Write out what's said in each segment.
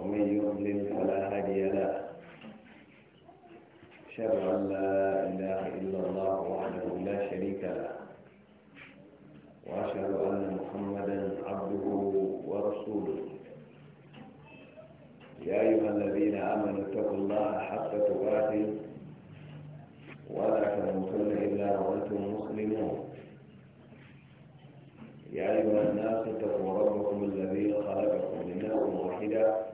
ومن يظلم فلا هادي له أشهد أن لا إله إلا الله وحده لا شريك له وأشهد أن محمدا عبده ورسوله يا أيها الذين آمنوا اتقوا الله حق تقاته ولا تموتن إلا وأنتم مسلمون يا أيها الناس اتقوا ربكم الذي خلقكم من نار واحدة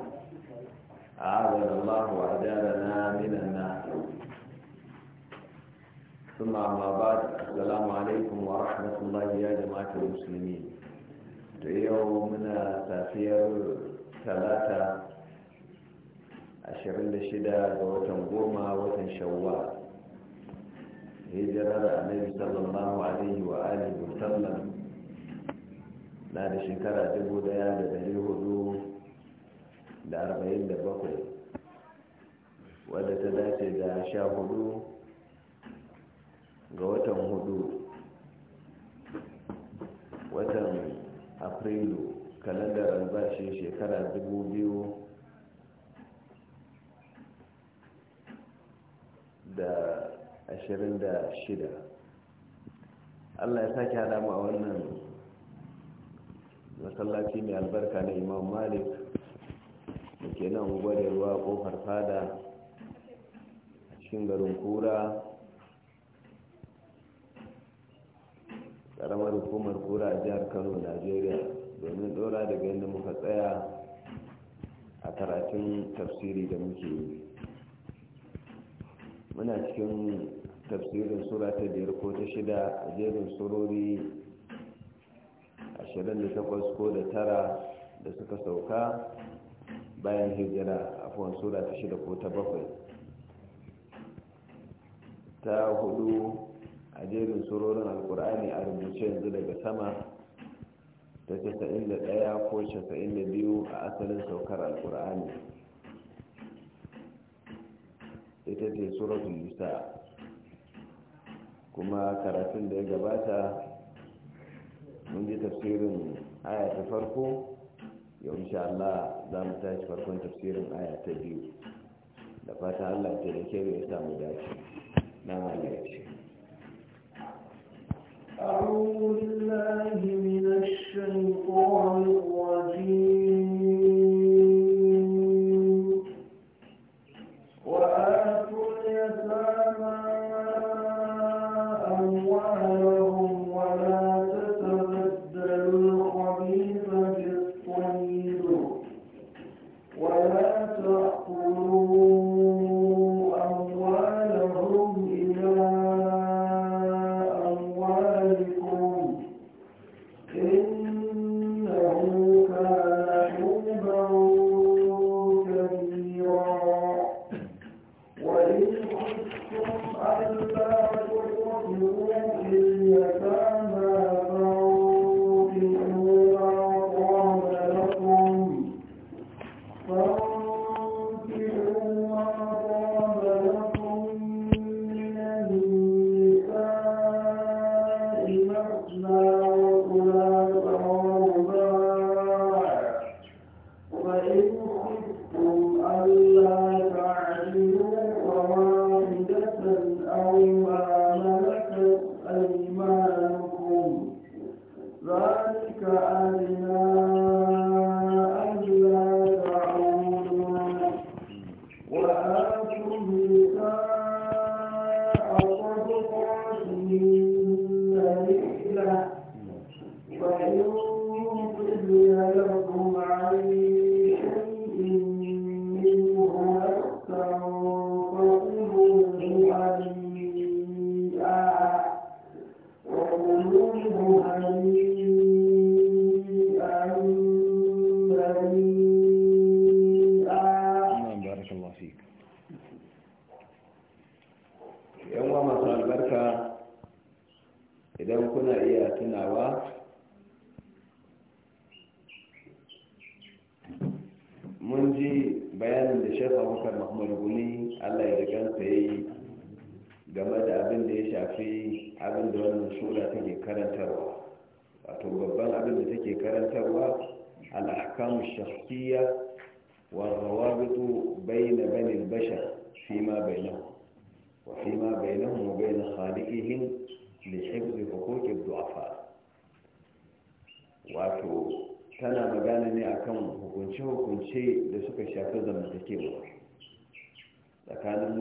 أعاذنا الله وأجارنا من النار ثم أما بعد السلام عليكم ورحمة الله يا جماعة المسلمين يومنا تأثير ثلاثة ashirin da shida ga watan goma watan shawwa hijirar annabi sallallahu alaihi wa alihi na da shekara dubu daya da dari hudu da arba'in da bakwai wadda ta dace da sha hudu ga watan hudu watan afrilu kalandar albashin shekara dubu biyu da ashirin da shida allah ya sake hada mu wannan masallaci mai albarka na imam malik ke nan gwarewa kofar fada a cikin garin kura karamar hukumar kura a jihar kano najeriya domin dora daga yadda muka tsaya a karatun tafsiri da muke yi muna cikin tafsirin sura ta biyar ko ta shida a jerin surori 28 ko da tara da suka sauka bayan hijira a afon sura ta shida ko ta bakwai ta hudu a jerin surorin alkur'ani a rubuce yanzu daga sama ta 91 ko 92 a asalin saukar alkur'ani ita ce suratun nisa kuma karatun da ya gabata mun ji tafsirin aya ta farko yau insha Allah za mu tashi farkon tafsirin aya ta biyu da fata Allah ta da kebe ya samu dace na halarci أعوذ بالله من الشيطان الرجيم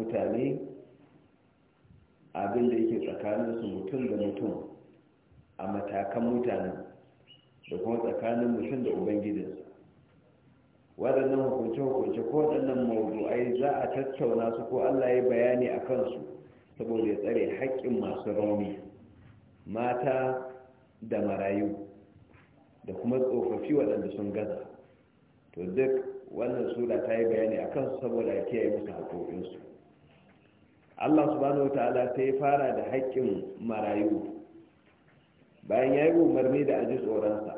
mutane abin da yake tsakaninsu mutum da mutum a matakan mutanen da kuma tsakanin mutum da ubangijinsa waɗannan hukunce-hukunce ko waɗannan za a tattauna su ko allah ya bayani a kansu saboda ya tsare haƙƙin masu rauni mata da marayu da kuma tsofaffi waɗanda sun gaza to duk wannan sura ta yi bayani a kansu saboda kiyaye musu haƙoƙinsu allah subhanahu wa ta'ala ta yi fara da haƙƙin marayu bayan ya yi umarni da aji tsoronsa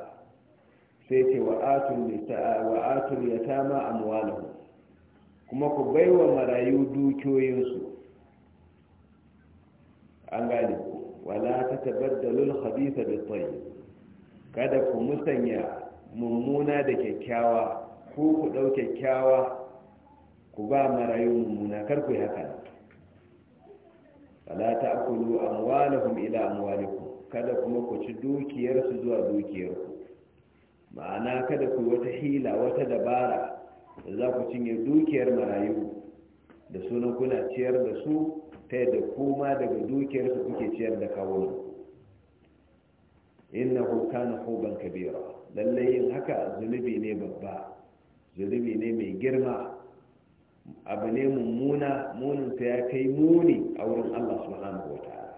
sai ce wa atul ya tama amwalahu kuma ku bai wa marayu dukiyoyinsu an gane wala ta da lul habisa da tsayi. kada ku musanya mummuna da kyakkyawa ko ku ɗau kyakkyawa ku ba marayu mummuna kar ku yi haka ta akulu amwalahum ila amwalikum kada kuma ku ci dukiyarsu zuwa dukiyarku ma'ana kada ku wata hila wata dabara da za ku cinye dukiyar marayu da sunan kuna ciyar da su ta yadda kuma daga dukiyarsu kuke ciyar da kawo innahu kana hoban kabira lallai yin haka zunubi ne babba zunubi ne mai girma abu ne mummuna muninsa ya kai muni a wurin Allah subhanahu wa ta'ala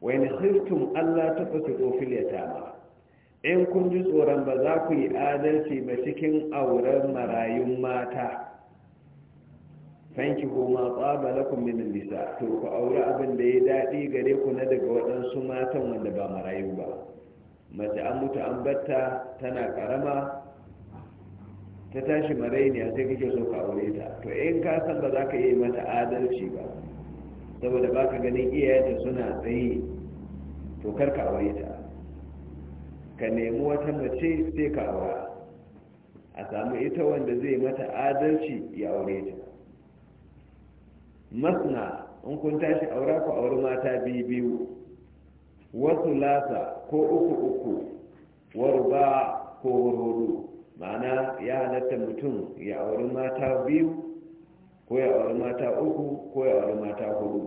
wa in khiftum alla tafsidu fil yatama in kun ji tsoron ba za ku yi adalci ba cikin auren marayun mata fanki ma tsaba lakum min nisa to ku aure abin da ya dadi gare ku na daga waɗansu matan wanda ba marayu ba mace an mutu an batta tana karama ta tashi marainiya sai kake so ka aure ta to in ka san ba za ka yi mata adalci ba saboda ba ka ganin iyayenta suna tsaye to kar ka aure ta ka nemi wata mace sai ka aura a samu ita wanda zai mata adalci ya aure ta masna in kun tashi aura ku auri mata biyu biyu wasu lasa ko uku uku waruba ko hurhudu ma'ana ya halatta mutum ya auri mata biyu ko ya auri mata uku ko ya auri mata hudu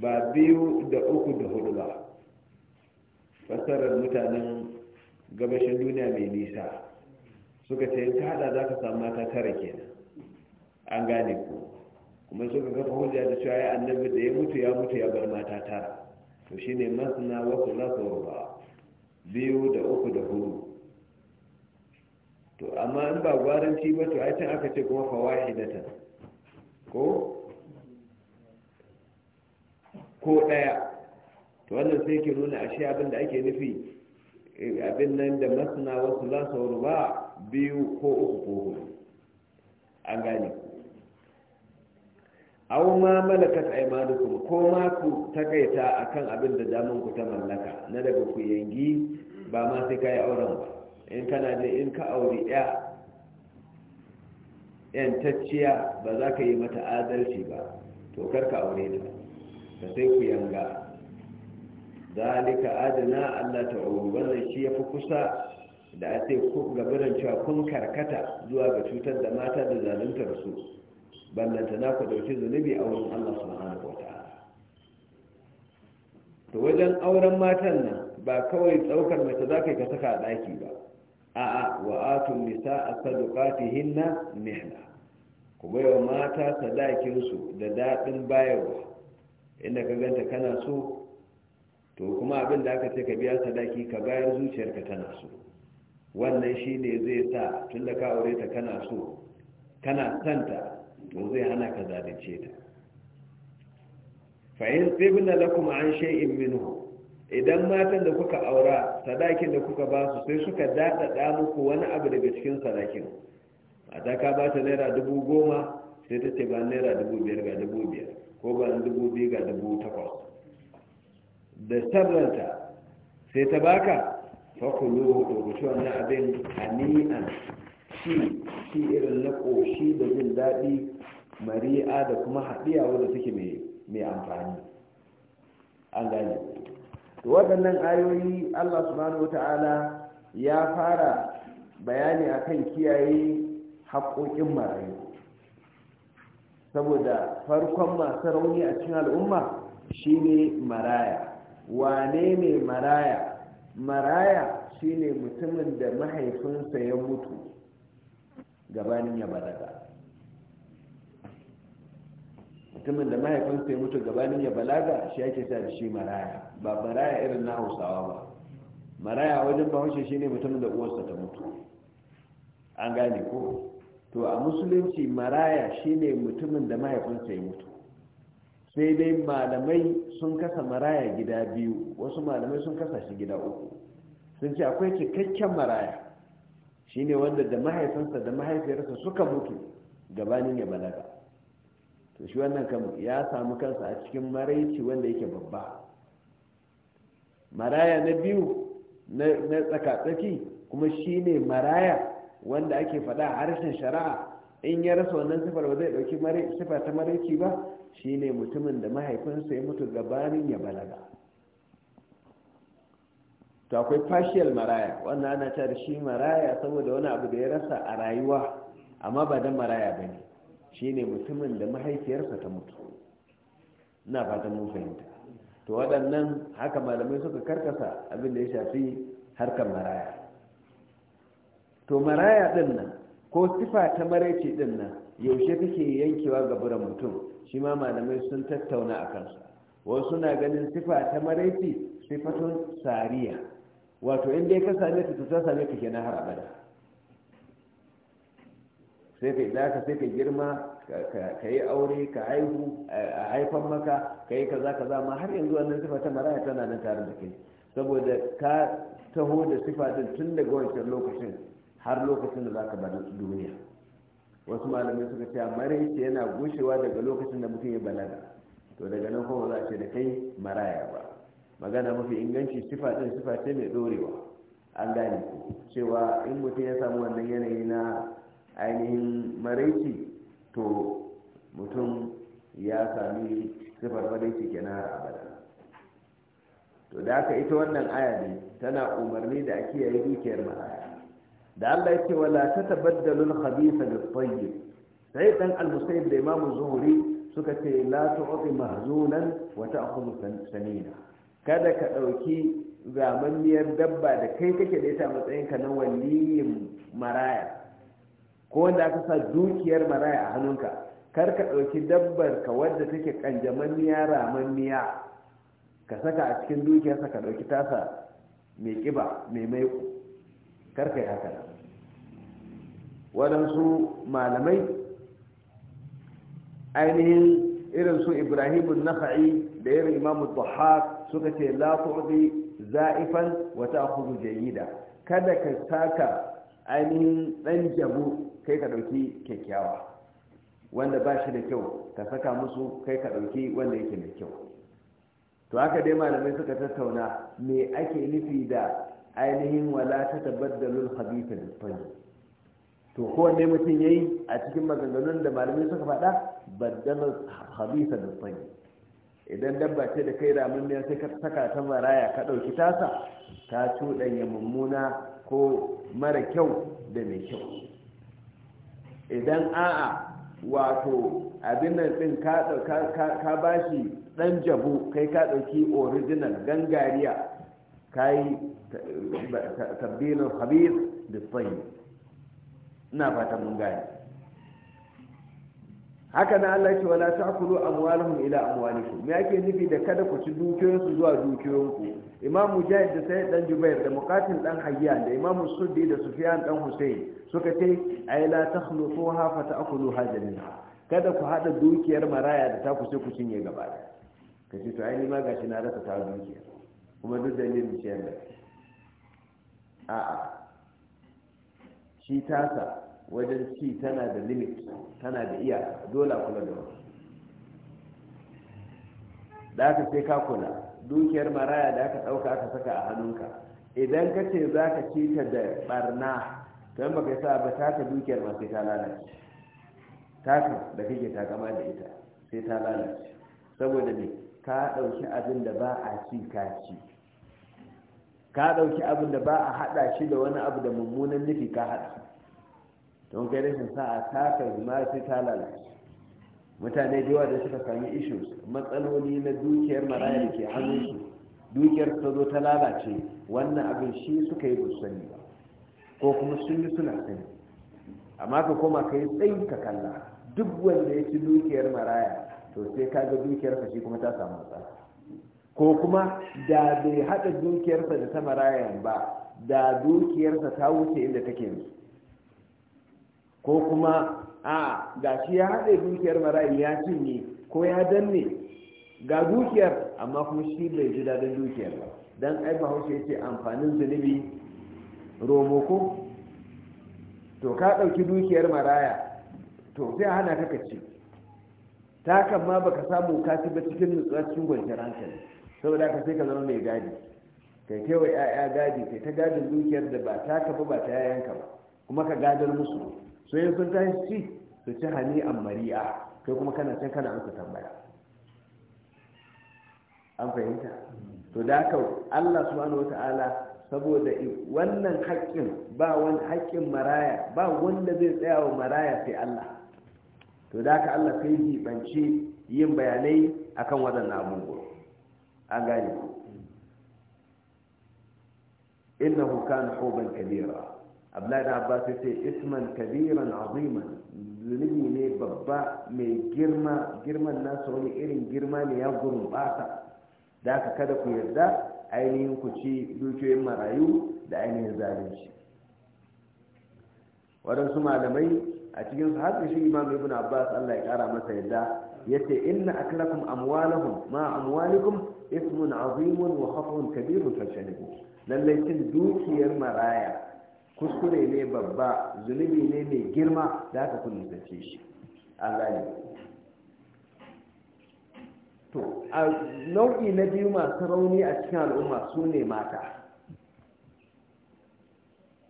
ba biyu da uku da hudu ba fassarar mutanen gabashin duniya mai nisa suka ce in hada za ka samu mata tara kenan an gane ku kuma suka kafa hujja da cewa ya annabi da ya mutu ya mutu ya bar mata tara to shine masna wa kula ba biyu da uku da hudu to amma in ba gwaranci ba to can aka ce kuma fawahidatan ko ko daya to wannan sai ke nuna ashe abin da ake nufi eh, abin nan da masana wasu za su ba biyu ko uku ko hudu an gane aw ma malakat aymanukum ko ma ku takaita akan abin da daman ta mallaka na daga ku yangi ba ma sai kai auren ba in kana da in ka auri ya yantacciya ba za ka yi mata adalci ba to karka aure ta ka sai ku yanga zalika adana allah ta'uru wannan shi ya fi kusa da a ce gabanin cewa kun karkata zuwa ga cutar da mata da zaluntar su ballanta na ku dauki zunubi a wurin allah subhanahu wa ta'ala to wajen auren matan nan ba kawai tsaukar mace za ka yi ka saka a ɗaki ba a'a wa atun nisa sadaqatihinna mihna ku baiwa mata sadakinsu da daɗin bayarwa inda ka ganta kana so to kuma abin da aka ce ka biya sadaki ka bayar zuciyarka tana so wannan shi ne zai sa tunda ka aure ta kana so kana santa to zai hana ka zalunce ta fa in tibna lakum an shay'in minhu idan matan da kuka aura sadakin da kuka ba su sai suka daɗaɗa muku wani abu daga cikin sadakin mata ka ba ta naira dubu goma sai ta ce ba naira dubu biyar ga dubu biyar ko ba dubu biyu ga dubu takwas da sabranta sai ta baka fakulu da kuci wannan abin hani'an shi shi irin na ƙoshi da jin daɗi mari'a da kuma haɗiya wadda take mai amfani an gane waɗannan ayoyi allah subhanahu wata'ala ya fara bayani akan kiyaye haƙoƙin marayu saboda farkon masu rauni a cikin al'umma shine maraya wane ne maraya maraya shine mutumin da mahaifinsa ya mutu gabanin ya balaga mutumin da mahaifinsa ya mutu gabanin ya balaga shi ake sa da shi maraya ba baraya irin na hausawa ba maraya wajen bahaushe shine mutumin da uwarsa ta mutu an gane ko to a musulunci maraya shine mutumin da mahaifinsa ya mutu sai dai malamai sun kasa maraya gida biyu wasu malamai sun kasa shi gida uku sun ce akwai cikakken maraya shine wanda da mahaifinsa da mahaifiyarsa suka mutu gabanin ya balaga to shi wannan ya samu kansa a cikin maraici wanda yake babba maraya na biyu na tsakatsaki kuma shine maraya wanda ake faɗa a harshen shari'a in ya rasa wannan sifar ba zai ɗauki sifa ta maraici ba shine mutumin da mahaifinsa ya mutu gabanin ya balaga to akwai partial maraya wannan ana ta shi maraya saboda wani abu da ya rasa a rayuwa amma ba dan maraya ba ne shine mutumin da mahaifiyarsa ta mutu na fatan mun fahimta to waɗannan haka malamai suka karkasa abin da ya shafi harkar maraya to maraya ɗin nan ko sifa ta maraici ɗin nan yaushe take yankewa ga buran mutum shi ma malamai sun tattauna a kansu. wasu na ganin sifa ta maraici sifatun sariya wato inda ya kasa same ta ta same ta kenan har abada sai ka idaka sai ka girma ka yi aure ka haihu a haifan maka ka yi kaza kaza ma har yanzu wannan sifa ta maraya tana nan tare da kai saboda ka taho da sifa din tun daga wancan lokacin har lokacin da zaka bar duniya wasu malamai suka ce maraice yana gushewa daga lokacin da mutum ya balaga to daga nan kuma za a ce da kai maraya ba magana mafi inganci sifa din sifa ce mai ɗorewa an gane cewa in mutum ya samu wannan yanayi na ainihin maraici to mutum ya sami sifar madaiki kenan har abada to da haka ita wannan aya ne tana umarni da a kiyaye dukiyar maraya da Allah yake wala tatabaddalu al-khabitha da tayyib sai dan al-musayyib da imamu zuhuri suka ce la tu'ti mahzunan wa ta'khudhu sanina kada ka dauki zamanniyar dabba da kai kake da ita matsayin ka na waliyin maraya ko wanda aka sa dukiyar maraya a hannunka kar ka ɗauki dabbar ka wadda take raman ramanniya ka saka a cikin dukiyarsa ka ɗauki tasa mai ƙiba mai maiko kar ka yi haka nan waɗansu malamai ainihin irin su ibrahimun nafa'i da irin imamu tuhar suka ce la tu'di za'ifan wa ta'khudhu jayyida kada ka saka ainihin ɗan jabu kai ka ɗauki kyakkyawa wanda ba shi da kyau ka saka musu kai ka ɗauki wanda yake mai kyau to haka dai malamai suka tattauna me ake nufi da ainihin wala ta tabaddalul habita da fani to kowanne mutum ya yi a cikin maganganun da malamai suka faɗa baddalar habita da fani idan dabba ce da kai ramin ne sai ka saka ta maraya ka ɗauki tasa ta cuɗanya mummuna ko mara kyau da mai kyau idan a'a wato abin nan ɗin ka ba shi ɗan jabu kai ka ɗauki original gangariya ka yi khabir habis da tsayi ina fata mun gani haka na Allah ce wala ta'kulu amwalahum ila amwalikum me yake nufi da kada ku ci dukiyoyinsu zuwa dukiyoyinku Imam Mujahid da Sayyid dan Jubair da Muqatil dan hayya da Imam Suddi da Sufyan dan Husayn suka ce ay la takhluquha fa ta'kulu hajalinha kada ku hada dukiyar maraya da ta ku sai ku cinye gaba ɗaya kace to ai ma gashi na rasa ta dukiya kuma duk da ni ciyar da a'a shi tasa wajen ci tana da limit tana da iya dole kula da wasu da aka sai ka kula dukiyar maraya da aka ɗauka aka saka a hannunka idan ka ce za ka ci ta da barna to ka yi sa ba taka dukiyar ma sai ta lalace taka da kake gama da ita sai ta lalace saboda ne ka ɗauki abin da ba a ci ka ci ka ɗauki abin da ba a haɗa shi da wani abu da mummunan nufi ka haɗa don kai rashin sa'a taka ma sai ta mutane da yawa da suka sami issues matsaloli na dukiyar maraya da ke hannunsu dukiyar ta zo ta lalace wannan abin shi suka yi ba sani ba ko kuma sun yi suna sani amma ka koma ka yi tsayi ka kalla duk wanda ya ci dukiyar maraya to sai ka ga dukiyar dukiyarsa shi kuma ta samu matsala ko kuma da bai haɗa dukiyarsa da ta maraya ba da dukiyarsa ta wuce inda take yanzu ko kuma a ga shi ya haɗe dukiyar mara'i ya cinye ko ya danne ga dukiyar amma kuma shi bai ji daɗin dukiyar ba don ai bahaushe ya ce amfanin zunubi romo ko to ka ɗauki dukiyar maraya to sai a hana ka ci ta kan ma ka samu ka ba cikin nutsuwa cikin kwanciyar hankali saboda ka sai ka zama mai gadi kai kewa 'ya'ya gadi kai ta gadin dukiyar da ba taka ba ba ta yayanka ba kuma ka gadar musu yin sun tashi ci su ci hani an mari'a kai kuma kana can kana su tambaya an fahimta to da haka Allah subhanahu wata'ala saboda wannan haƙƙin ba wani haƙƙin maraya ba wanda zai tsaya wa maraya sai Allah to da haka Allah sai jibanci yin bayanai akan waɗannan abubuwa an gane ku innahu kana huban kabira abdullahi da abbas ya ce isman kabiran aziman zunubi ne babba mai girma girman nasa wani irin girma ne ya gurbata da aka kada ku yarda ainihin ku ci dukiyoyin marayu da ainihin zalunci waɗansu malamai a cikin su har shi imam ibn abbas allah ya kara masa yadda Ya yace inna aklakum amwalahum ma amwalikum ismun azimun wa Kabiru kabirun fashanibu lallai cin dukiyar maraya kuskure ne babba zunubi ne mai girma da aka kun nisance shi an gane to a nau'i na biyu masu rauni a cikin al'umma su ne mata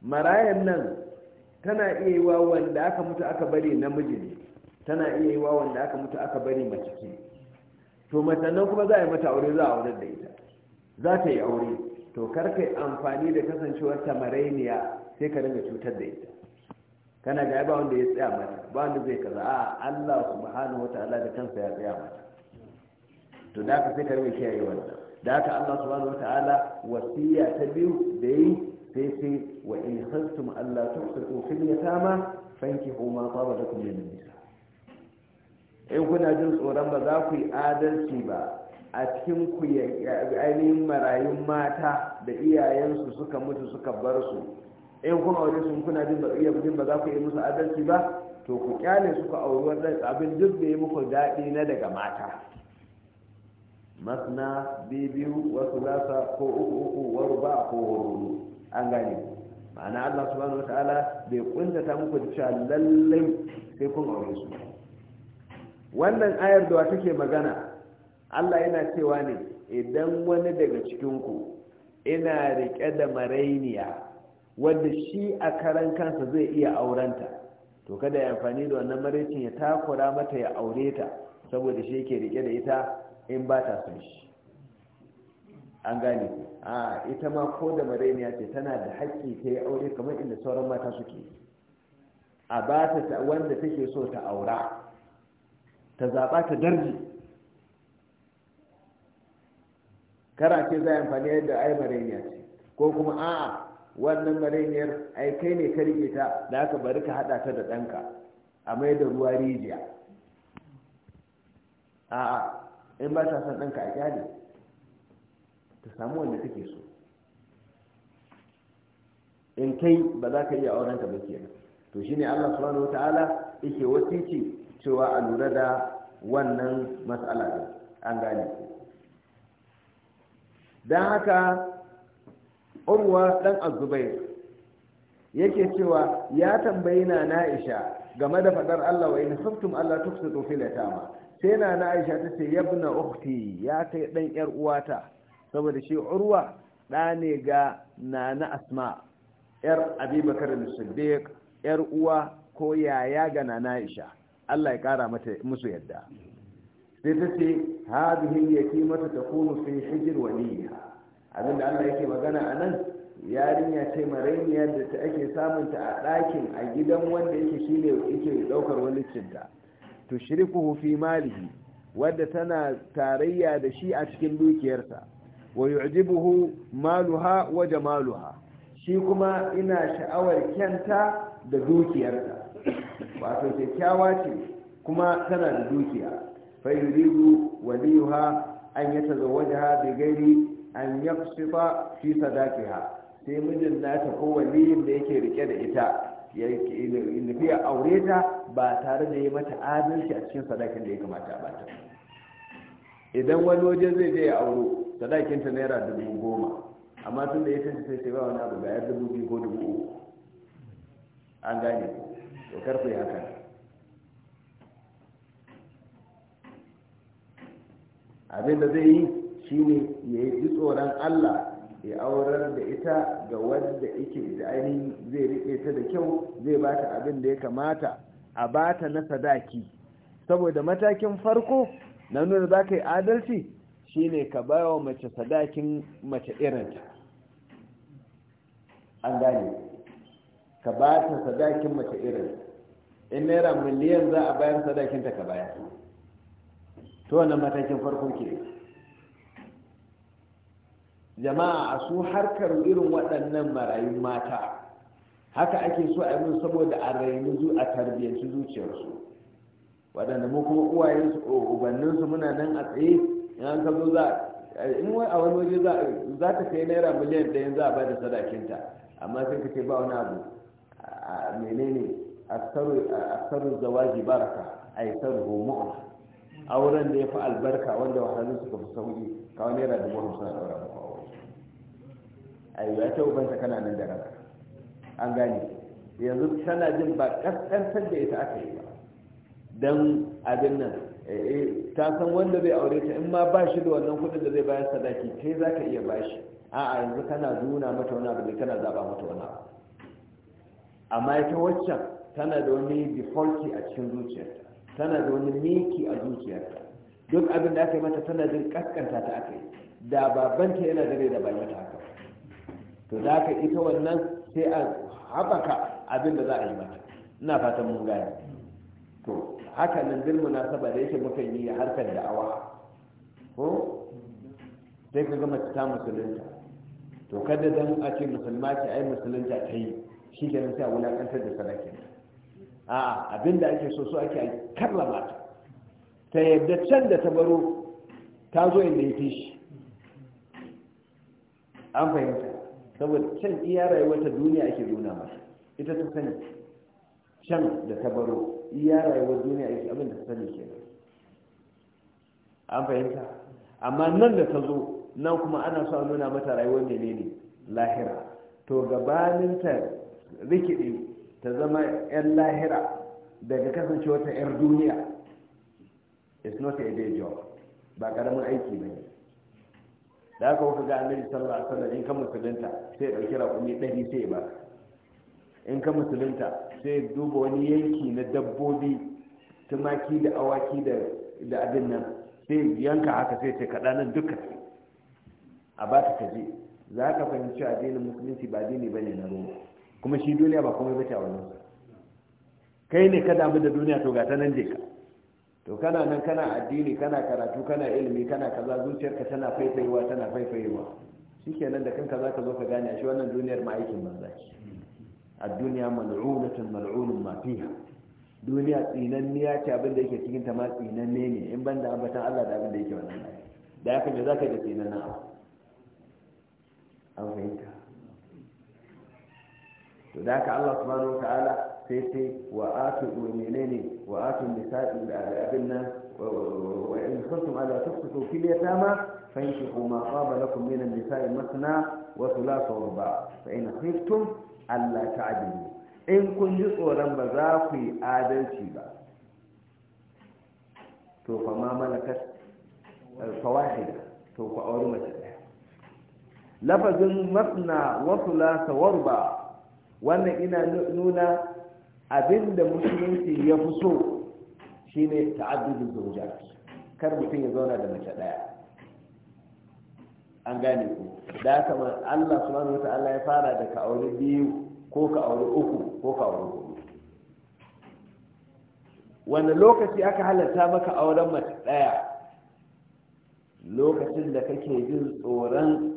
marayan nan tana iya yi wa wanda aka mutu aka bari namiji ne tana iya yi wa wanda aka mutu aka bari mace ce to mace nan kuma za a yi mata aure za a aurar da ita za ta yi aure to karka amfani da kasancewar tamarainiya. sai ka dinga cutar da ita kana ga ba wanda ya tsaya mata ba wanda zai kaza a Allah subhanahu wataala da kansa ya tsaya mata to da ka sai ka rubuta kiyaye wannan da haka Allah subhanahu wataala wasiya ta biyu da yi sai sai wa in khastum Allah ya fil yatama fankihu ma taba lakum min nisa in kuna jin tsoron ba za ku yi adalci ba a cikin ku ainihin marayun mata da iyayensu suka mutu suka bar su in kun aure su kuna jin ba jin ba za ku yi musu adalci ba to ku kyale su ku auri wannan abin duk da ya muku daɗi na daga mata masna biyu wasu lasa ko uku uku wa ruba ko hudu an gane ma'ana Allah subhanahu Ta'ala bai ta muku cewa lallai sai kun aure su wannan ayar da take magana Allah yana cewa ne idan wani daga cikin ku ina rike da marainiya wanda shi a karan kansa zai iya aurenta to kada ya amfani da wannan maraicin ya takura mata ya aure ta saboda shi yake rike da ita in ba ta son shi an gane a ita ma ko da marainiya ce tana da haƙƙi ta yi aure kamar inda sauran mata suke a ba ta wanda take so ta aura ta zaɓa ta darji kara ce za a amfani da ai marainiya ce ko kuma a'a wannan marainiyar ai kai ne ka rike ta da aka bari ka hada ta da danka a mai da ruwa rijiya a'a in ba ta son ɗanka a kyale ta samu wanda take so in kai ba za ka iya auren ta ba ke to shine Allah subhanahu wataala yake wasici cewa a lura da wannan matsala ɗin an gane dan haka urwa dan azubai yake cewa ya tambayi na na'isha game da fadar Allah wa in khaftum Allah tufsidu fil tama, sai na na'isha ta ce yabna ukhti ya kai dan yar uwata saboda shi urwa da ne ga nana asma yar abubakar as-siddiq yar uwa ko yaya ga nana aisha Allah ya kara mata musu yadda sai ta ce hadhihi yatimatu takunu fi hijr waliha Abin da allah yake magana a nan yarinya ce marainiya da ta ake samunta a ɗakin a gidan wanda yake shine yake ɗaukar walicinta to shirikuhu fi malihi wadda tana tarayya da shi a cikin dukiyarsa wa yu'jibuhu maluha wa jamaluha shi kuma ina sha'awar kyanta da dukiyarta wato kyakkyawa ce kuma tana da dukiya fa yuridu waliyuha an zawajaha bi ghairi an yafsifa fi sadaqiha sai mijin nata ko waliyin da yake rike da ita ya nufi ya aure ta ba tare da yi mata adalci a cikin sadakin da ya kamata ba ta idan wani waje zai je ya auro sadakinta naira dubu goma amma tun da ya tashi sai sai ba wani abu bayar dubu biyu ko dubu uku an gane to karfe haka abin da zai yi shine ya yi tsoron Allah ya aurar da ita ga wanda ike da ainihin zai riƙe ta da kyau zai ba ta abin da ya kamata a ba ta na sadaki saboda matakin farko na nuna za ka yi adalci shine ka ba wa mace sadakin mace irinta an gane ka ba ta sadakin mace irin in naira miliyan za a bayar sadakinta ka baya. to wannan matakin farko ke jama'a a su harkar irin waɗannan marayun mata haka ake so a yi saboda a rayu zu a tarbiyyanci zuciyarsu waɗanda mu kuma uwaye muna nan a tsaye in an ka zo za in wai a wani waje za ta kai naira miliyan ɗaya za a bada sadakinta amma sai ka ce ba wani abu a menene aksaru zawaji baraka a yi saru homo auren da ya fi albarka wanda wahalin suka fi sauƙi kawai naira dubu hamsin a ɗaura ayo ya ta ubanta kana nan da ranka an gane yanzu tana jin ba kaskantar da ita aka yi ba don abin nan eh, eh, ta san wanda zai aure ta in ma ba shi da wannan kudin da zai bayar sadaki kai za ka iya bashi a'a yanzu kana nuna mata wani abu kana zaba mata wani abu amma ita waccan tana da wani defaulti a cikin zuciyarta tana da wani miki a zuciyarta duk abin da aka yi mata tana jin kaskanta ta aka yi da babanta yana dare da bai mata haka to da ka ita wannan sai a haɓaka abin da za a yi mata ina fatan mun gaya. to haka nan dil munasaba da yake mukan yi harkar da'awa ko sai ka gama ta musulunta to kada dan a ce musulma ce ai musulunta ta yi shi nan sai a wulakantar da sadakin a'a abinda ake so so ake karrama ta ta yadda can da ta baro ta zo inda ya fi shi an fahimta saboda can iya rayuwar ta duniya ake nuna masa ita ta sani can da ta baro iya rayuwar duniya ake abin da sani ke an fahimta amma nan da ta zo nan kuma ana so a nuna mata rayuwar menene lahira to gabanin ta rikide ta zama yan lahira daga kasancewa ta yar duniya it's not a day job ba karamin aiki ba ne da aka kuka ga annabi sallallahu alaihi wasallam in ka musulunta sai ya dauki raƙumi ɗari sai ba in ka musulunta sai ya duba wani yanki na dabbobi tumaki da awaki da da abin nan sai yanka haka sai ce kaɗa nan duka a ba ta kaje za ka fahimci addinin musulunci ba addini ba ne na roma kuma shi duniya ba komai yi bata wannan kai ne ka damu da duniya to ga ta nan je ka to kana nan kana addini kana karatu kana ilimi kana kaza zuciyarka tana faifayewa tana faifayewa shikenan da kanka zaka zo ka gane shi wannan duniyar ma aikin banza ce ad-dunya mal'unatun mal'unun ma fiha duniya tsinanniya ce abin da yake cikin ta ma tsinanne ne in banda ambatan Allah da abin da yake wannan da haka da zaka ga tsinanna an fahimta to da haka Allah subhanahu wa ta'ala sai sai wa atu ne wa atu nisa'i da abin nan wa in kuntum ala tuqsitu fil yatama fankihu ma qaba lakum min an-nisa'i mathna wa thulatha wa ruba fa in khiftum alla ta'dilu in kun ji tsoron ba za ku yi adalci ba to fa ma malakat fawahida to ku auri mace ɗaya lafazin mathna wa wasu wa ba wannan ina nuna abinda musulunci ya fi so shi ne ta'addudin zawjat kar mutum ya zauna da mace daya an gane ku da ma Allah subhanahu Allah ya fara da ka aure biyu ko ka aure uku ko ka aure hudu wani lokaci aka halatta maka auren mace daya lokacin da kake jin tsoron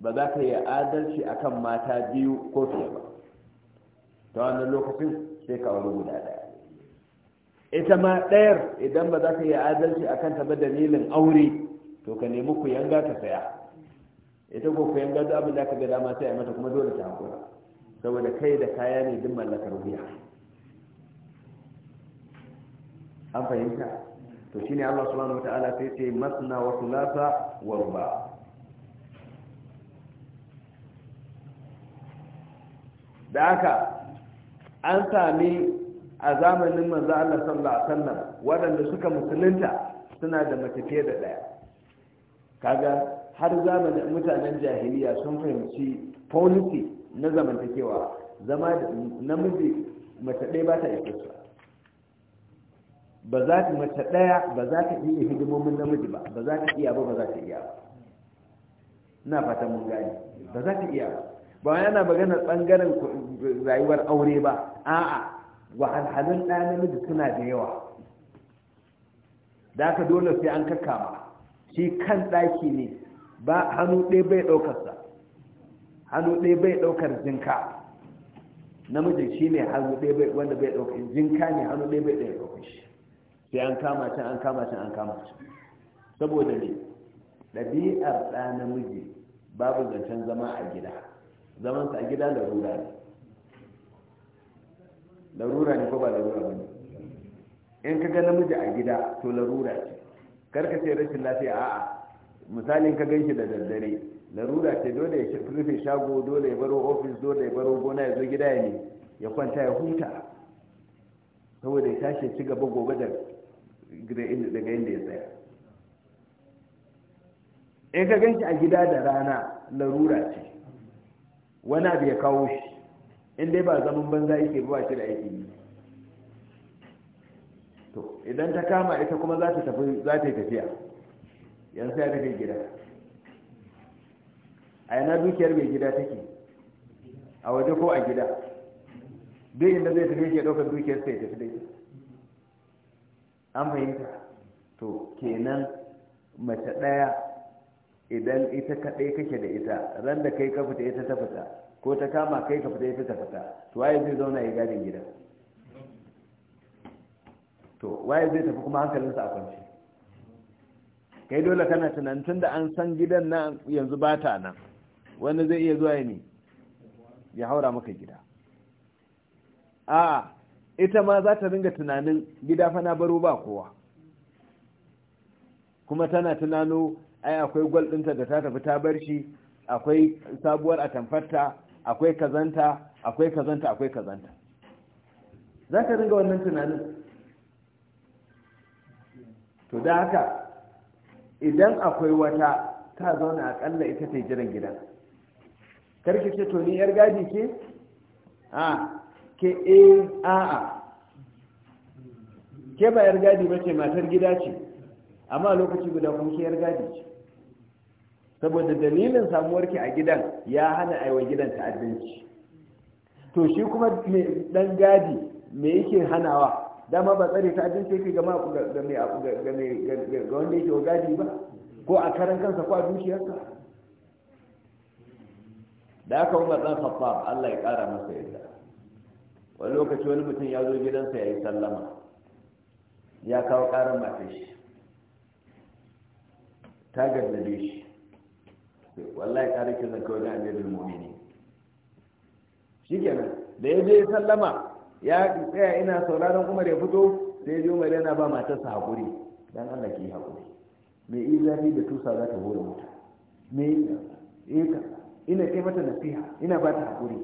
ba za ka yi adalci akan mata biyu ko fiye ba ta wannan lokacin sai ka auri guda ɗaya ita ma ɗayar idan ba za ka yi adalci a kan taɓa dalilin aure to ka nemi ku yanga ta saya ita ko ku yanga abin da ka ga dama sai a mata kuma dole ta hakura saboda kai da kaya ne duk mallakar wuya an fahimta to shine Allah subhanahu wata'ala sai ce masna wa thulatha wa ruba da aka an sami a zamanin manzo Allah sallallahu alaihi wasallam waɗanda suka musulunta suna da mace fiye da ɗaya kaga har zamanin mutanen jahiliya sun fahimci policy na zamantakewa zama namiji mace ɗaya ba ta iya kusa ba za ta mace ɗaya ba za ta iya hidimomin namiji ba ba za ta iya ba ba za ta iya ba na fatan mun gani ba za ta iya ba ba yana magana tsangaren rayuwar aure ba a'a wahalhalun ɗa namiji suna da yawa da aka dole sai an kakawa. shi kan ɗaki ne ba hannu ɗaya bai ɗaukarsa hannu ɗaya bai ɗaukar jinka namijin shi ne hannu ɗaya bai wanda bai ɗaukar jinka ne hannu ɗaya bai ɗaukar shi sai an kama shi, an kama shi, an kama shi. saboda ne ɗabi'ar ɗa namiji babu zancen zama a gida zaman ka a gida larura ne larura ne ko ba larura ba ne in ka ga namiji a gida to larura ce karka ce rashin lafiya a misalin ka ganshi da daddare larura ce dole ya rufe shago dole ya baro ofis dole ya baro gona ya zo gida ya ne ya kwanta ya huta saboda ya tashi ci gaba gobe da daga inda ya tsaya in ka ganshi a gida da rana larura ce wani abu ya kawo shi in dai ba zaman banza yake ba shi da aiki ne to idan ta kama ita kuma za ta tafi za ta yi tafiya yan sai ta kai gida a yana dukiyar mai gida take a waje ko a gida duk inda zai tafi ke ɗaukar dukiyar sai tafi dai an fahimta to kenan mace ɗaya idan ita kaɗai kake da ita ran da kai ka fita ita ta fita ko ta kama kai ka fita ita ta fita to waye zai zauna ya gadin gida to waye zai tafi kuma hankalinsa a kwanci kai dole kana tunanin tun da an san gidan na yanzu ba ta nan wanda zai iya zuwa ne ya haura maka gida a ita ma za ta ringa tunanin gida fana na baro ba kowa kuma tana tunano ai akwai gwal ɗinta da ta tafi ta bar shi akwai sabuwar atamfarta akwai kazanta akwai kazanta akwai kazanta za ka ringa wannan tunanin to da haka idan akwai wata ta zauna akalla ita ta jiran gidan karki ce to ni yar gadi ke a ke eh, a a ke ba yar gadi ba ce matar gida ce amma lokaci guda kuma ke yarga ce saboda dalilin samuwar ki a gidan ya hana aiwa gidan ta'addanci to shi kuma dan gadi me yake hanawa dama ba tsare ta'addanci yake ga ga wanda yake gadi ba ko a karan kansa ko a dukiyarsa da aka umar dan khattab Allah ya kara masa yadda wani lokaci wani mutum ya zo gidansa ya yi sallama ya kawo karan matashi. shi ta gaddade shi wallahi ta rike zan kawai na amirin mu'mini shi kenan da ya je sallama ya tsaya ina sauraron umar ya fito sai ya umar yana ba matarsa haƙuri dan allah ki haƙuri mai yi zafi da tusa za ta hore wuta mai yi eh ka ina kai mata nasiha ina ba ta haƙuri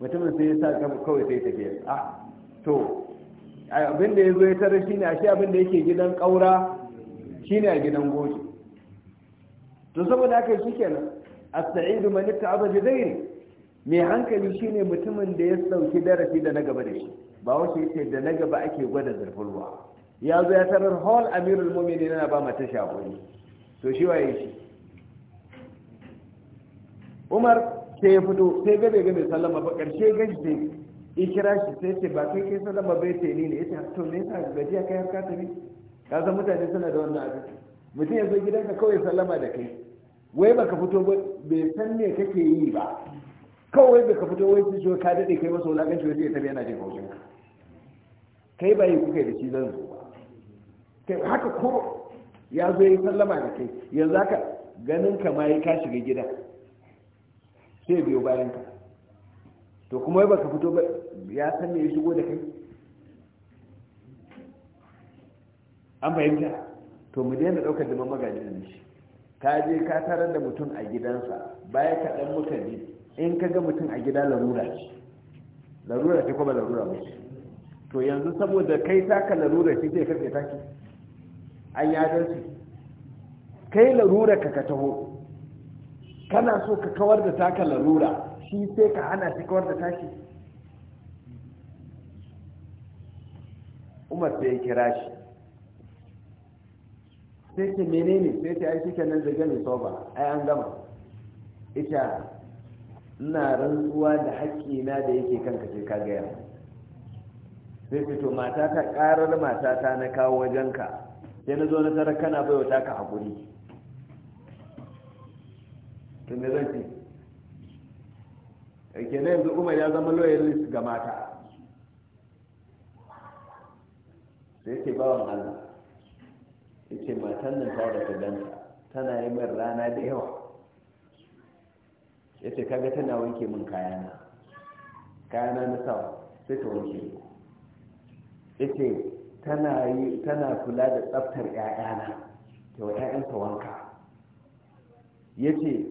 mutumin sai ya sa kawai sai tafiya a ah, to abin da ya zo ya tarar shine shi abin da yake gidan ƙaura shine a gidan goji to saboda haka shi kenan as-sa'idu man ta'aba bi ghayri mai hankali shine mutumin da ya sauki darasi da na gaba da shi ba wace yace da na gaba ake gwada zurfin ruwa ya zo ya tarar hall amirul mu'minin yana ba mata shafuri to shi waye shi Umar sai ya fito sai gabe mai sallama ba karshe gaji sai ya kira shi sai ce ba kai kai sallama bai sai ni ne yace to me yasa gajiya kai har ka ne? ka san mutane suna da wannan abin mutum ya zo gidanka kawai sallama da kai wai baka fito bai san ne kake yi ba kawai ka fito wai su ka daɗe kai masa wulaƙanci wajen ya tabi yana jin haushin kai ba yi kuka da shi zan zo ba kai haka ko ya zo yi sallama da kai yanzu haka ganin ka ma yi ka shiga gida sai biyo bayan ka to kuma wai ba ka fito ba ya san ne ya shigo da kai an fahimta to mu daina ɗaukar da magaji da shi ka je ka tarar da mutum a gidansa baya kaɗan muka ji in ka ga mutum a gida larura ce larura ce ko ba larura ba to yanzu saboda kai taka larura ce sai ta taki an ya dace. kai larura ka ka taho kana so ka kawar da taka larura shi sai ka hana shi kawar da tashi umar sai ya kira shi sai ce ne sai ce ai nan zage gani soba ai an gama ita ina rantsuwa da haƙƙina da yake kanka ce ka gaya sai ce to matata ƙarar ta na kawo wajenka sai na zo na tarar kana baiwa taka haƙuri tun me zan ce ke na yanzu umar ya zama loyalist ga mata sai ce bawan allah ya ce matan nan ta da gidanta tana yi min rana da yawa ya ce kaga tana wanke min kayana kayana na sawa sai ta wanke ya ce tana kula da tsaftar ƴaƴana ta wa 'ya'yansa wanka ya ce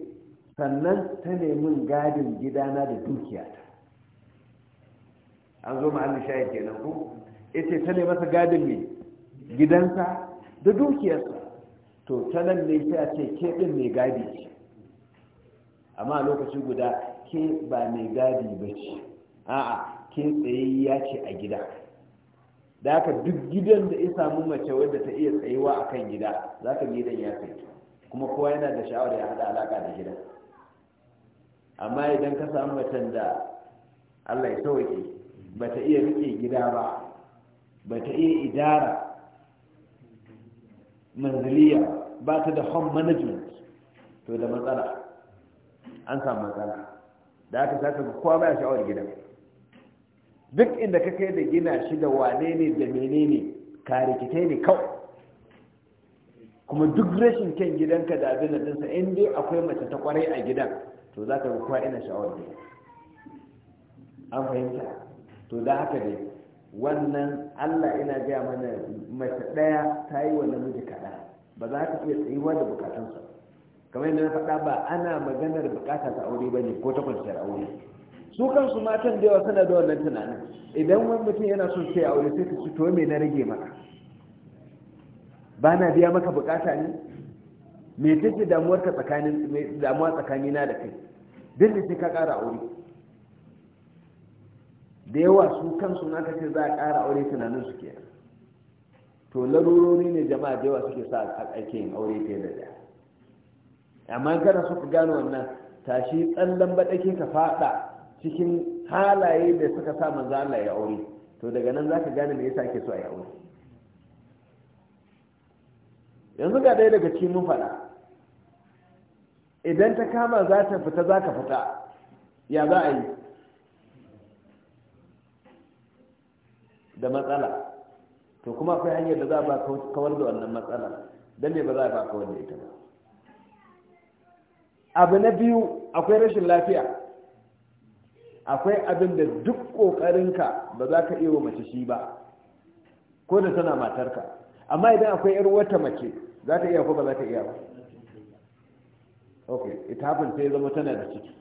sannan ta nemi gadin gidana da dukiyata an zo ma'alin shayar kenan ku ya ce ta nemi masa gadin ne gidansa da dukiyarsa to ta nan ne sai a ce ke ɗin mai gadi ce amma lokaci guda ke ba mai gadi ba ce a'a ke tsayayya ce a gida da aka duk gidan da ya samu mace wadda ta iya tsayuwa a kan gida za ka gidan ya kai kuma kowa yana da sha'awar ya haɗa alaƙa da gidan amma idan ka samu macen da allah ya sauke ba ta iya riƙe gida ba ba ta iya idara manziliya ba ta da home management to da matsala an samu matsala da aka saka ga kowa baya sha'awar gida duk inda ka kai da gina shi da wane ne da menene ka rikitai ne kawai kuma duk rashin kyan gidanka da abin da dinsa in dai akwai mace ta kwarai a gidan to za ka ga kowa ina sha'awar gida an fahimta to da haka dai wannan allah ina gaya mana mace ɗaya ta yi wa namiji kaɗa ba za ta iya tsayuwa da bukatunsa kamar yadda na faɗa ba ana maganar bukata ta aure ba ne ko ta kwanciyar aure su kansu matan da yawa suna da wannan tunanin idan wani mutum yana son sai aure sai ta to me na rage maka ba na biya maka bukata ne me take damuwar ka tsakanin damuwa tsakanina da kai duk da sai ka ƙara aure da yawa su kansu na kace za a ƙara aure tunanin su ke to larurori ne jama'a da yawa suke sa a ake yin aure fiye da ɗaya amma kana so ka gane wannan tashi tsallan baɗake ka faɗa cikin halaye da suka sa manzo Allah ya aure to daga nan za ka gane me yasa ake so a yi aure yanzu ga ɗaya daga cikin mun faɗa idan ta kama za ta fita za ka fita ya za a yi da matsala to kuma akwai hanyar da za a ba kawar da wannan matsala don ne ba za a ba kawar da ita ba abu na biyu akwai rashin lafiya akwai abin da duk ƙoƙarinka ba za ka iya wa mace shi ba ko da tana matarka amma idan akwai yar wata mace za ta iya ko ba za ta iya ba ok it happens sai zama tana da ciki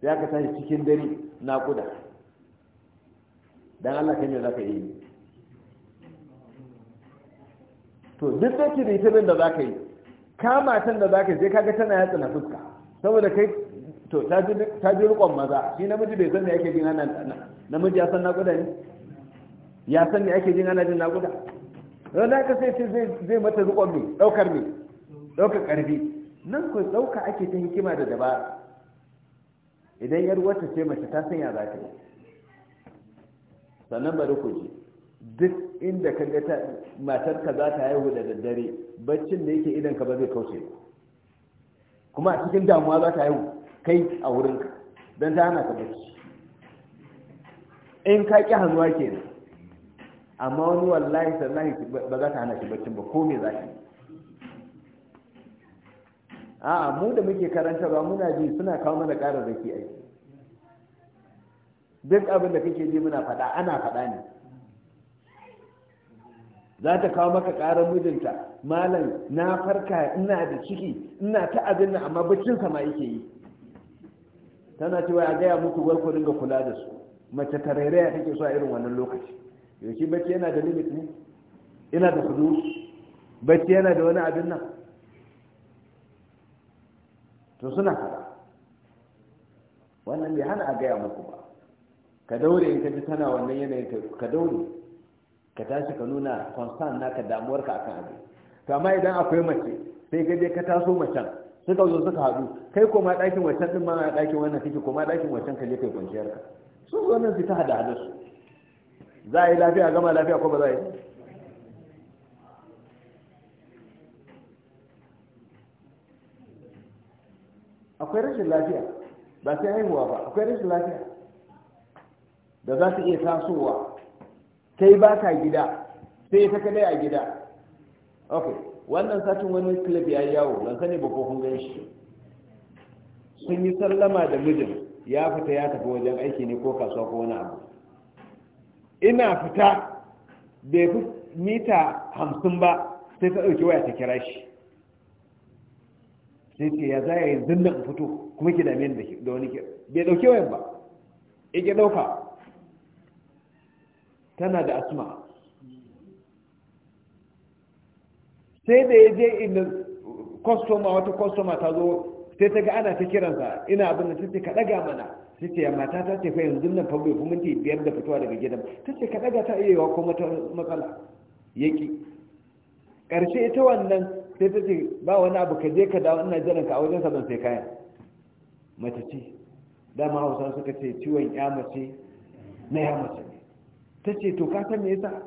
ya ka tashi cikin dare na kuda dan Allah kai ne za ka yi to duk sai ritirin da za ka yi kama can da za ka yi sai kaga tana yatsa na fuska saboda kai to ta ji rikon maza shi namiji bai san me ake jin ana namiji ya san naƙuda ne ya san me ake jin ana jin naƙuda Rana ka sai ce zai mata rikon mai ɗaukar mai ɗaukar ƙarfi nan ku ɗauka ake ta hikima da dabara idan yar wata ce mace ta san ya za ta yi sannan bari ku ji duk inda ka ga matar ka za ta haihu da daddare baccin da yake idan ka ba zai kauce kuma a cikin damuwa za ta haihu kai a wurin ka don ta hana ka bacci in ka ƙi hannuwa nan, amma wani wallahi sallahi ba za ta hana shi baccin ba ko me za ki? a'a mu da muke karanta ba muna ji suna kawo mana ƙara zaki aiki duk abin da kake ji muna faɗa ana faɗa ne za ta kawo maka ƙarar mijinta malam na farka ina da ciki ina ta abin nan amma bacin sama yake yi tana cewa a gaya muku wai ku dinga kula da su mace tarairaya take so a irin wannan lokaci yaushe bacci yana da limit ne ina da kudu bacci yana da wani abin nan to suna fara wannan bai hana a gaya muku ba ka daure in ka ji tana wannan yanayin ka daure ka tashi ka nuna concern naka damuwarka akan abu to amma idan akwai mace sai ka je ka taso macen suka zo suka haɗu kai koma ɗakin wancan ɗin ma a ɗakin wannan kike koma ɗakin wancan ka je kai kwanciyar ka su zo nan su ta hada hada su za a yi lafiya gama lafiya ko ba za a yi akwai rashin lafiya ba sai haihuwa ba akwai rashin lafiya da za su iya tasowa kai ba ka gida sai ta kadai a gida ok wannan satin wani club ya yawo ban sani ba ko kun gan shi sun yi sallama da mijin ya fita ya tafi wajen aiki ne ko kasuwa ko wani abu ina fita bai fi mita hamsin ba sai ta ɗauki waya ta kira shi sai ce ya za ya yi zinnan fito kuma ki dame da wani kira bai ɗauki wayan ba ike ɗauka tana da asma sai da ya je inda kwastoma wata kwastoma ta zo sai ta ga ana ta kiransa ina abin da ce ka daga mana sai ce yamma ta ta ce fa yanzu nan fa bai kuma minti biyar da fitowa daga gidan ta ce ka daga ta iya yawa kuma ta matsala Yaƙi. Ƙarshe ita wannan sai ta ce ba wani abu ka je ka dawo ina jiran ka a wajen ban sai kayan mace ce dama hausa suka ce ciwon ya mace na ya mace ta ce to ka san me yasa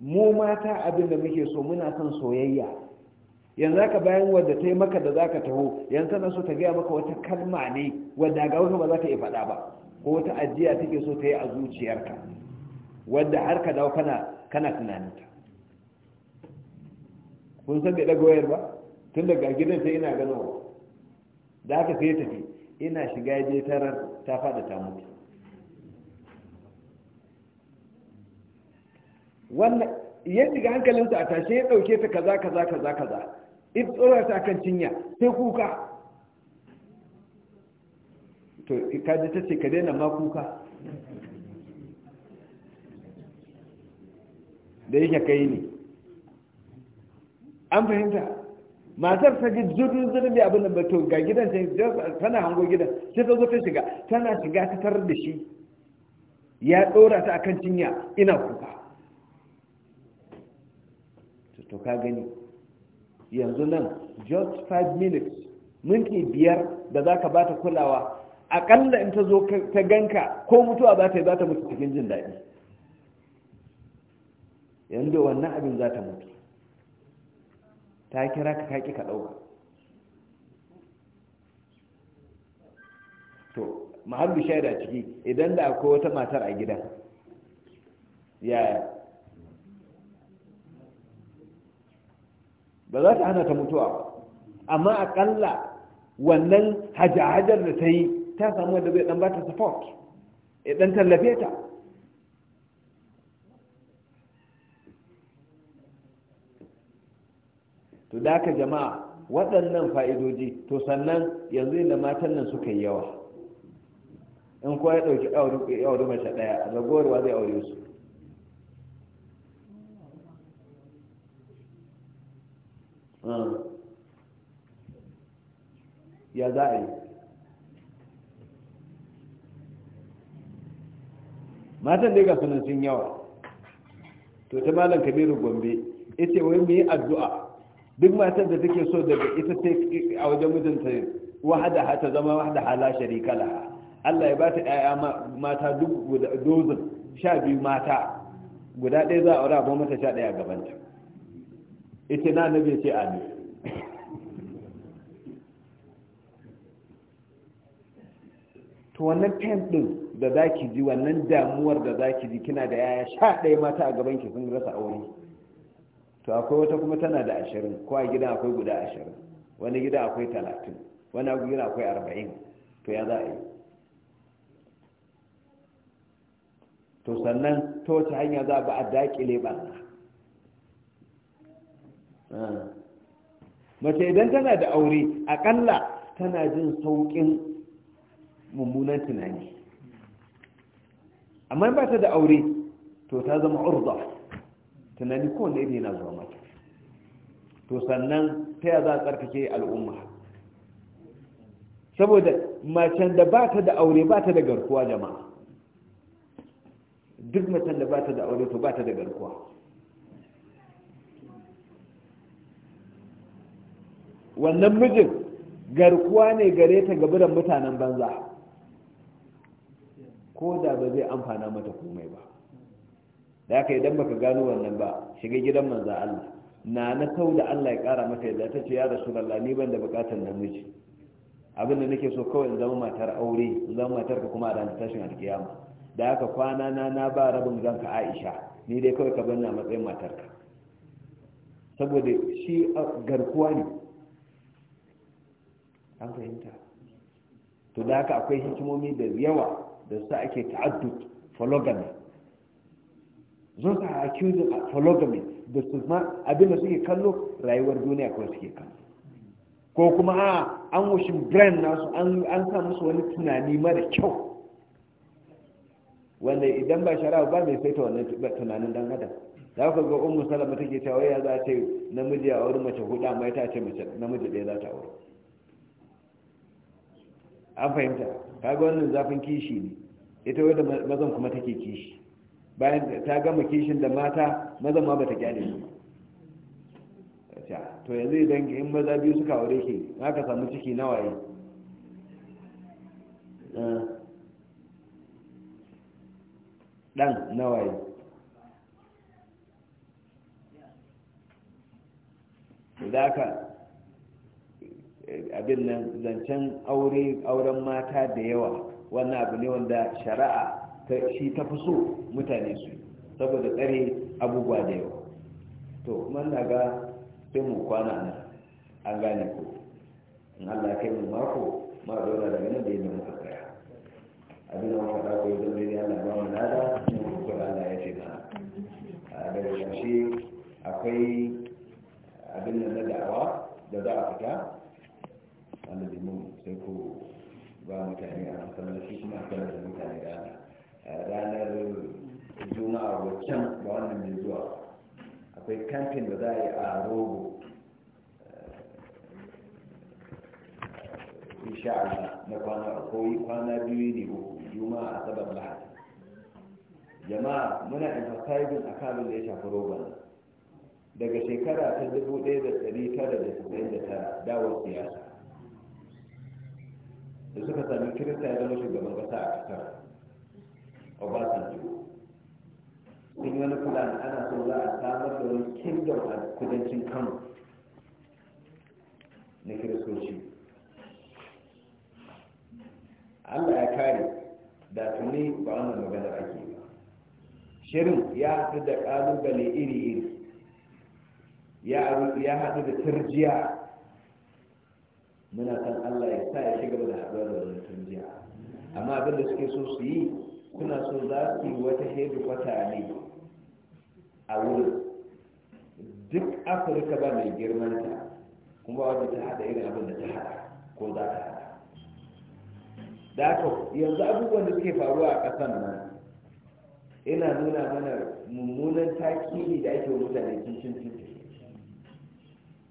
mu mata abin da muke so muna son soyayya yanzu haka bayan wadda ta yi maka da zaka taho yanzu tana so ta gaya maka wata kalma ne wadda ga wata ba za ta yi faɗa ba ko wata ajiya take so ta yi a zuciyarka wadda har ka dawo kana tunaninta kun san bai ɗaga wayar ba tun daga gidan sai ina ganowa da aka sai tafi ina shiga je tarar ta faɗa ta mutu wannan ya shiga hankalinsa a tashe ya ɗauke ta kaza kaza kaza kaza in tsoron ta kan cinya sai kuka to kaji ta ce ka daina ma kuka da yake kai ne an fahimta matar ta ji zurin zurin da abin da mato ga gidan tana hango gidan sai ta zo ta shiga tana shiga ta tarar da shi ya ɗora ta akan cinya ina kuka to ka gani yanzu nan just five minutes minti biyar da za ka ba ta kulawa akalla in ta zo ta ganka ko mutuwa za ta yi za ta mutu cikin jin daɗi yanzu wannan abin za ta mutu ta kira ka kaƙi ka ɗauka to mahallu shaida ciki idan da akwai wata matar a gidan yaya ba za ta hana ta mutuwa ba amma akalla wannan hajahajar da ta yi ta samu wanda zai dan bata support ya dan tallafe ta to da ka jama'a waɗannan fa'idoji to sannan yanzu inda matan nan suka yi yawa in kowa ya ɗauki auri mace ɗaya ragowar wa zai aure su Ah. ya za a yi matan dai ga sunan sun yawa to ta malam kabiru gombe ita wai mu yi addu'a duk matan da take so daga ita ce a wajen mijinta wahada ta zama wahada hala sharika laha Allah ya ba ta ƴaƴa mata duk dozin sha biyu mata guda ɗaya za a wura ba mata sha ɗaya gabanta ita na annabi ce ne to wannan pen din da zaki ji wannan damuwar da zaki ji kina da yaya sha ɗaya mata a gaban ki sun rasa aure to akwai wata kuma tana da ashirin ko a gida akwai guda ashirin wani gida akwai talatin wani gida akwai arba'in to ya za a yi to sannan ta wata hanya za a ba a daƙile ɓarna Ah. mace idan tana da aure akalla tana jin saukin mummunan tunani amma ba ta da aure to ta zama urda tunani kowane ne yana zuwa mata to sannan ta yi za a tsarkake al'umma saboda macen da ba ta da aure ba ta da garkuwa jama'a duk macen da ba ta da aure to ba ta da garkuwa wannan mijin garkuwa ne gare ta gaburan mutanen banza ko da ba zai amfana mata komai ba da haka idan baka gano wannan ba shiga gidan manza Allah na na sau da Allah ya kara mata yadda ta ce ya rasu ni ban da bukatar namiji abin da nake so kawai in zama matar aure in zama matar ka kuma a ranar tashin alkiyama da haka kwana na na ba rabin zanka Aisha ni dai kawai ka na matsayin matarka saboda shi garkuwa ne an fahimta to da haka akwai hikimomi da yawa da sa ake ta'addud polygamy zo sa accusing fologami da su ma abin da suke kallo rayuwar duniya kawai suke kallo ko kuma a an wushin brain nasu an sa musu wani tunani mara kyau wanda idan ba shara ba mai saita wannan tunanin dan adam za ku ga ummu salama take cewa ya za ta namiji a wurin mace huda mai ta ce mace namiji ɗaya za ta aure an fahimta kaga wannan zafin kishi ne ita wadda mazan kuma take kishi bayan ta gama kishin da mata mazan ma bata kyale su to yanzu idan in maza biyu suka aure ki na ka samu ciki nawa yi eh. dan nawa yi da haka abin nan zancen aure auren mata da yawa wannan abu ne wanda shari'a shi ta fi so mutane su saboda tsare abubuwa da yawa to na ga sai mu kwana nan an gane ko in allah kai mu mako ma dora daga nan da yi muka tsaya abin da muka dako yi zama yi allah ba mu nada ne mu kura allah ya ce a daga shi akwai abin da na da'awa da za a fita sai ku ba mutane a shi kuma a kalar da mutane da ranar juma'a waccan ba wannan mai zuwa akwai kantin da za a yi a rogo eh, insha Allah na kwana akwai kwana biyu ne ko juma'a a sabar lahadi jama'a muna emphasizing a kabin da ya shafi roban daga shekara ta 1999 dawar siyasa da suka sami kirista ya zama shugaban kasa a kasar obasanjo sun wani kula da ana so za a samar da wani kingdom a kudancin kano na kiristoci allah ya kare da tuni ba wannan maganar ake shirin ya haɗu da ƙalubale iri-iri ya haɗu da turjiya muna san Allah ya sa ya ci gaba da haɗuwa da wannan jiya amma abin da suke so su yi kuna so za su yi wata hedu kwata ne a wurin duk afirka ba mai girmanta kuma wadda ta haɗa irin abin da ta haɗa ko za ta haɗa da haka yanzu abubuwan da suke faruwa a ƙasan nan ina nuna mana mummunan takiri da ake wa mutane cincin cincin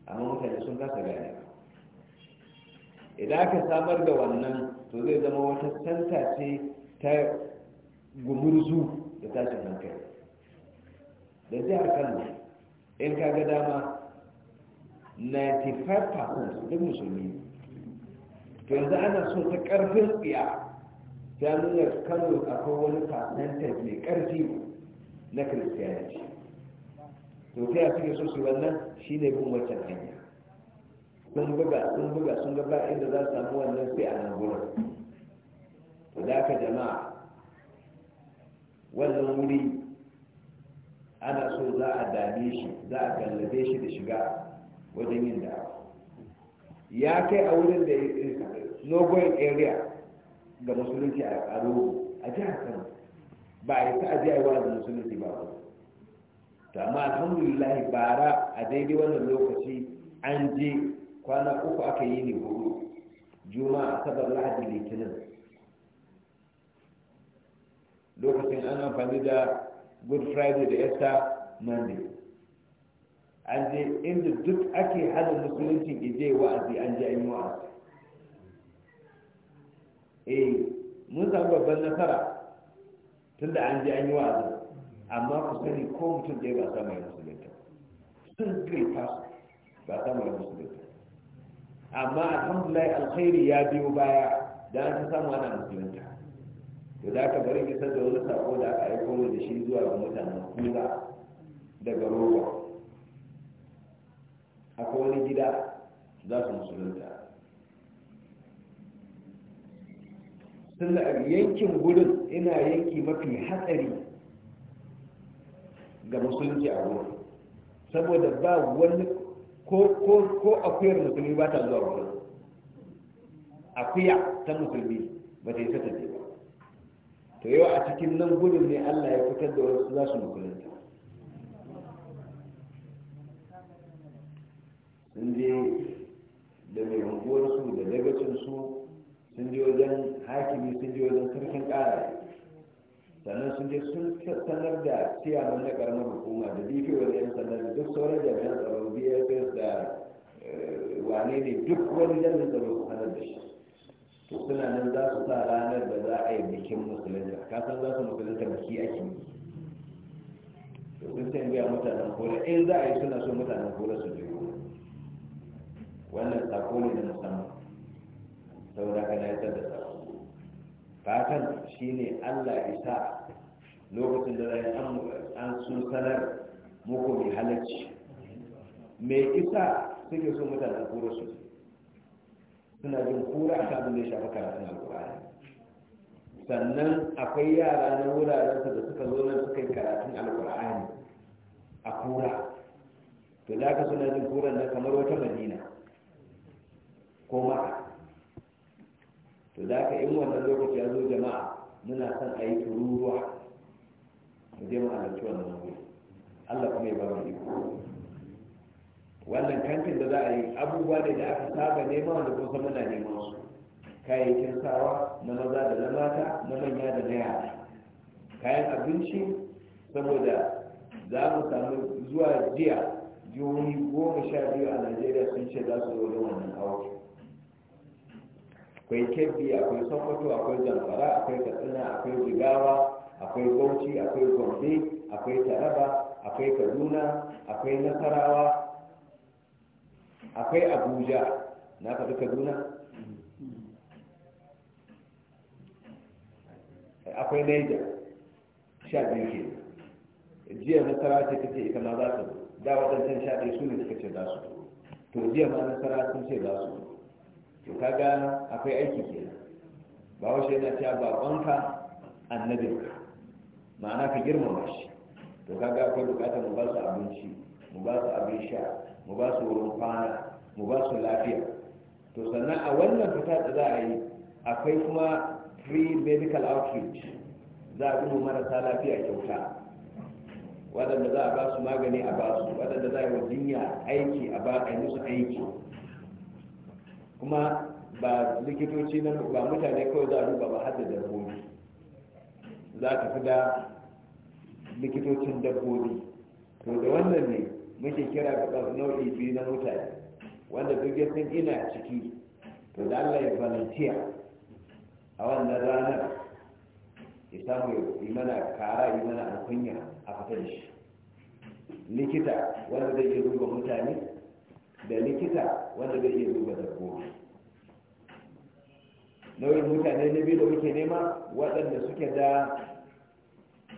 amma mutane sun kasa gane idan aka samar da wannan to zai zama wata santa ce ta gumurzu da tashin hankali da a kan in ka ga dama 95% duk musulmi to yanzu ana so ta karfin tsiya ta nuna kano akwai wani percentage mai karfi na kiristiyanci to ta suke so su wannan shine bin wancan hanya sun buga sun buga sun ga ba inda za su samu wannan sai a nan gurin to da ka jama'a wannan wuri ana so za a dame shi za a gallabe shi da shiga wajen yin da ya kai a wurin da nogoyin area ga musulunci a rogo a jihar kano ba a yi ta jihar wa da musulunci ba to amma alhamdulillah bara a daidai wannan lokaci an je kwana uku aka yi ne hudu juma'a asabar lahadi litinin lokacin an amfani da good friday da easter monday an je inda duk ake hada musulunci ije wa'azi an je an yi wa'azi eh mun samu babban nasara tunda an je an yi wa'azi amma ku sani ko mutum ɗaya ba samu ya musulunta sun gripa ba samu mai musulunta amma alhamdulillah alkhairi ya biyo baya da an samu ana musulunta to da aka bari isar da wani sako da aka aiko mu da shi zuwa ga mutanen kura daga roba akwai wani gida za su musulunta sun yankin gudun ina yanki mafi hatsari ga musulunci a wurin saboda ba wani ko akuyar musulmi ba ta zuwa wurin akuya ta musulmi ba ta yi ta tafi ba to yau a cikin nan gudun ne allah ya fitar da wasu za su musulunta sun je da mai unguwarsu da lagacinsu sun je wajen hakimi sun je wajen sarkin ƙara sannan sun je sun sanar da ciyaman da karamar hukuma da dp wani yan sanar da duk sauran jami'an tsaro bss da wane ne duk wani jami'an tsaro su sanar da shi to suna nan za su sa ranar da za a yi bikin musulunta ka san za su musulunta biki ake yi to sun san biya mutanen kore in za a yi suna so mutanen kore su biyo wannan sako ne na musamman saboda kana na yi da fatan shine allah isa lokacin da zai an sun sanar muku mai halarci mai isa suke so mutanen kura su suna jin kura a kan da ya shafi karatun alkur'ani sannan akwai yara na wuraren da suka zo nan suka yi karatun alkur'ani a kura to da aka suna jin kura na kamar wata madina ko maka to da ka in wannan lokaci ya zo jama'a muna son a yi turuwa mu je mu halarci wannan wuri Allah kuma ya ba mu iko wannan kantin da za a yi abubuwa ne da aka saba nema wanda kusa muna nema su kayayyakin sawa na maza da na mata na manya da na yara kayan abinci saboda za mu samu zuwa jiya jihohi goma sha biyu a najeriya sun ce za su zo da wannan aure akwai kebbi akwai sokoto akwai zamfara akwai katsina akwai jigawa akwai bauchi akwai gombe akwai taraba akwai kaduna akwai nasarawa akwai abuja na faɗi kaduna akwai naija sha biyu ke jiya nasara ce ta ce ita ma za su da waɗancan sha ɗaya su ne suka ce za su to jiya ma nasara sun ce za su to kaga akwai aiki kenan ba wasu yana cewa babanka annabinka ma'ana ka girmama shi to kaga akwai bukatar mu ba su abinci mu ba su abin sha mu ba su wurin kwana mu ba su lafiya to sannan a wannan fita da za a yi akwai kuma free medical outreach za a gudu marasa lafiya kyauta waɗanda za a ba su magani a ba su waɗanda za a yi wa jinya aiki a ba a yi musu aiki kuma ba likitoci na ba mutane kawai za a duba ba har da dabbobi za ta fi da likitocin dabbobi to da wannan ne muke kira ga nau'i biyu na mutane wanda duk ya san ina ciki to da Allah ya volunteer a wannan ranar ya samu yi mana kara yi mana alkunya a fita da shi likita wanda zai iya duba mutane da likita wanda zai iya duba dabbobi nauyin mutane na biyu da muke nema waɗanda suke da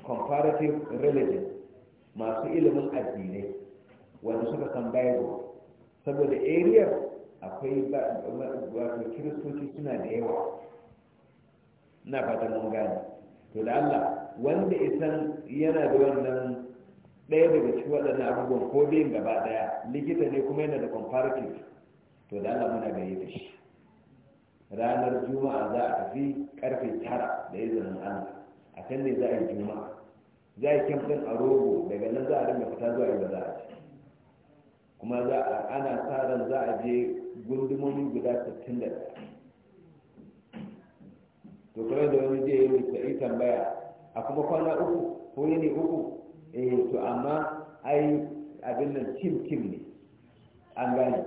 comparative religion masu ilimin addinai wanda suka san bible saboda area akwai wato kiristoci suna da yawa na fatan mun gani to da allah wanda isan yana da wannan ɗaya daga cikin waɗannan abubuwan ko biyun gaba ɗaya likita ne kuma yana da comparative to da Allah muna gare da shi ranar juma'a za a tafi karfe tara da izinin Allah a can ne za a yi juma'a za a yi kyamfin a rogo daga nan za a rinka fita zuwa yadda za a ci kuma za a ana sa ran za a je gundumomi guda 61 to kuma da wani je yi tambaya a kuma kwana uku ko yini uku eh to amma ai abin nan tim tim ne an gane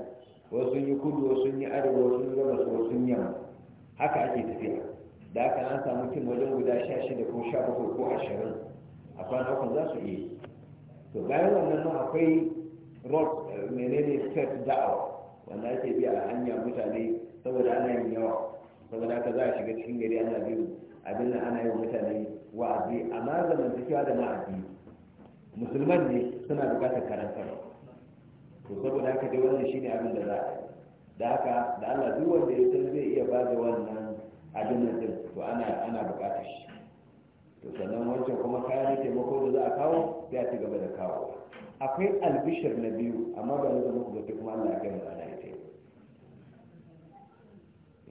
wasu yi kudu wasu yi arewa wasu yi gabas wasu yi yamma haka ake tafiya da aka an samu tim wajen guda sha shida ko sha bakwai ko ashirin a kwana uku za su iya to bayan wannan nan akwai rock eh, menene set da'awa wanda ake biya a hanya mutane saboda ana yin yawa saboda haka za a shiga cikin gari ana biyu abin nan ana yin mutane wa'azi amma zamantakewa da ma'azi musulman ne suna bukatar karantarwa to saboda haka dai wannan shine abin da za a yi da haka da Allah duk wanda ya san zai iya bada wannan abin da to ana ana bukatar shi to sannan wancan kuma kayan taimako da za a kawo ya ci gaba da kawo akwai albishir na biyu amma ba na zama kuma kuma Allah ya kai mu ana ita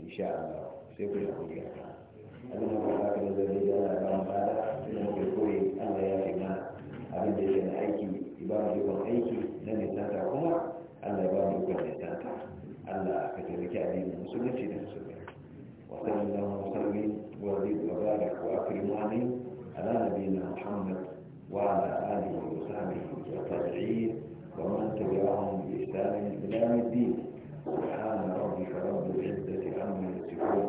insha Allah sai ku yi hakuri akan abin da ba za ka da zai da Allah ba mu bada sai mu kai ba yawan لن na nisanta ألا allah ba mu yawan nisanta allah ka المسلم addinin وصلى الله وسلم وزيد وبارك واكرم عليه على نبينا محمد وعلى اله وصحبه والتابعين ومن تبعهم باحسان الى الدين سبحان ربك رب العزه عما يصفون